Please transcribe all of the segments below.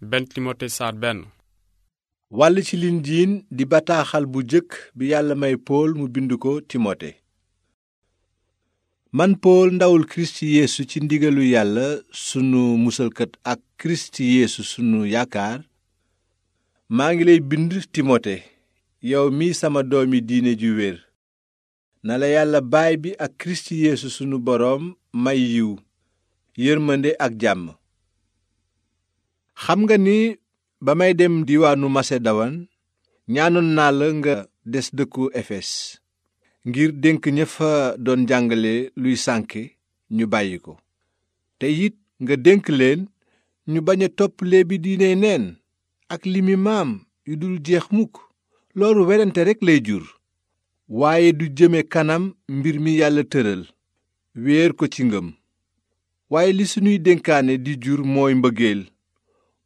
benn timote saar benn wàll ci linjiin di bataaxal bu jëkk bi yàlla may pool mu bind ko timote man pool ndawul kirist yeesu ci ndigalu yàlla sunu musalkat ak kirist yeesu sunu yaakaar maa ngi lay bind timote yow mii sama doomi diine ju wér na la yàlla baay bi ak kirist yeesu sunu boroom may yiw yërmande ak jàmm xam nga ni ba may dem diwaanu masedowan ñaanoon naa la nga des dëkku efes ngir dénk ña fa doon jàngale luy sànke ñu bàyyi ko te it nga dénk leen ñu bañ a topp léebi diine neen ak li mi maam yu dul jeex mukk loolu werante rekk lay jur waaye du jëme kanam mbir mi yàlla tëral wéer ko ci ngëm waaye li sunuy dénkaane di jur mooy mbëggeel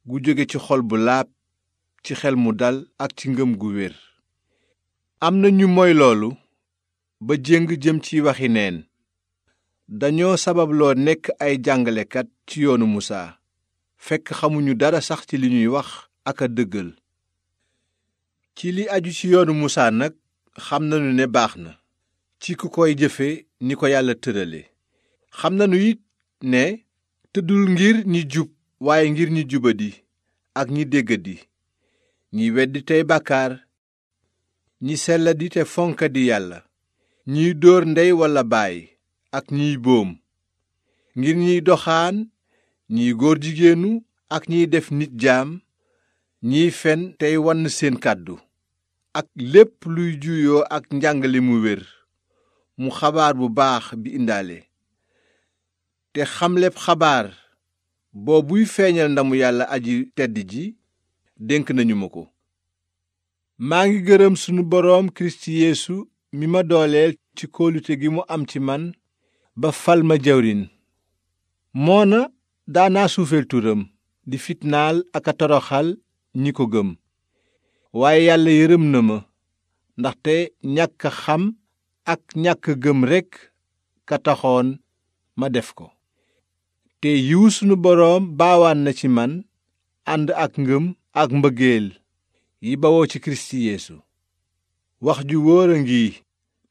gu jóge ci xol bu laab ci xel mu dal ak ci ngëm gu wér am na ñu moy loolu ba jëng jëm ci waxi neen dañoo sababloo nekk ay jàngalekat ci yoonu musaa fekk xamuñu dara sax ci li ñuy wax ak a dëggal ci li aju ci yoonu musaa nag xam nanu ne baax na ci ku koy jëfe ni ko yàlla tërale xam nanu it ne tëddul ngir ñi jub waaye ngir ñi jubadi ak ñi di ñi weddi tey bàkkaar ñi selladi te di yàlla ñiy dóor ndey walla baay ak ñiy boom ngir ñiy doxaan ñiy góor jigéenu ak ñiy def nit jaam ñiy fen tey wann seen kàddu ak lépp luy juyoo ak njàngale mu wér mu xabaar bu baax bi indaale te xamleb xabaar boo feeñal ndamu yàlla aji tedd ji dénk nañu ma ko maa ngi gërëm sunu boroom kirist yeesu mi ma dooleel ci kóolute gi mu am ci man ba fal ma jawrin moona daana suufeel turam di fitnaal ak a toroxal ñi ko gëm waaye yàlla yërëm na ma ndaxte ñàkk xam ak ñàkk gëm rekk ka taxoon ma def ko te yiw sunu boroom baawaan na ci man ànd ak ngëm ak mbëggeel yi bawoo ci kirist yeesu wax ju wóor a ngi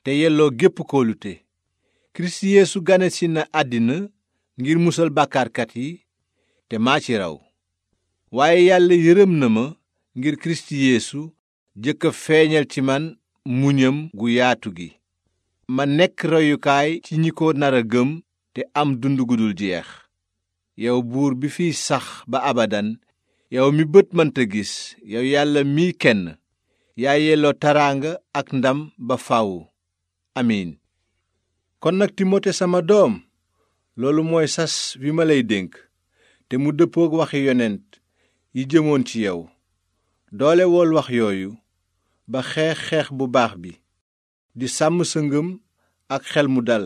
te yelloo gépp kóolute kirist gane ganesi na àddina ngir musal bàkkaarkat yi te maa ci raw waaye yàlla yërëm na ma ngir kirist yeesu jëkk feeñal ci man mu muñam gu yaatu gi ma nekk royukaay ci ñi ko nar a gëm te am dund gu dul jeex yow buur bi fiy sax ba abadan yow mi bët mënta gis yow yàlla mii kenn yaa yelloo taraanga ak ndam ba faw amiin kon nag timote sama doom loolu mooy sas wi ma lay dénk te mu dëppook waxi yonent yi jëmoon ci yow doole wool wax yooyu ba xeex xeex bu baax bi di sàmm sëngam ak xel mu dal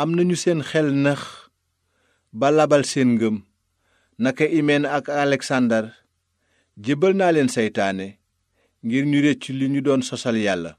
am nañu seen xel nax ba labal seen ngëm naka imeen ak aleksandar jébbal naa leen saytaane ngir ñu rëcc li ñu doon sosal yàlla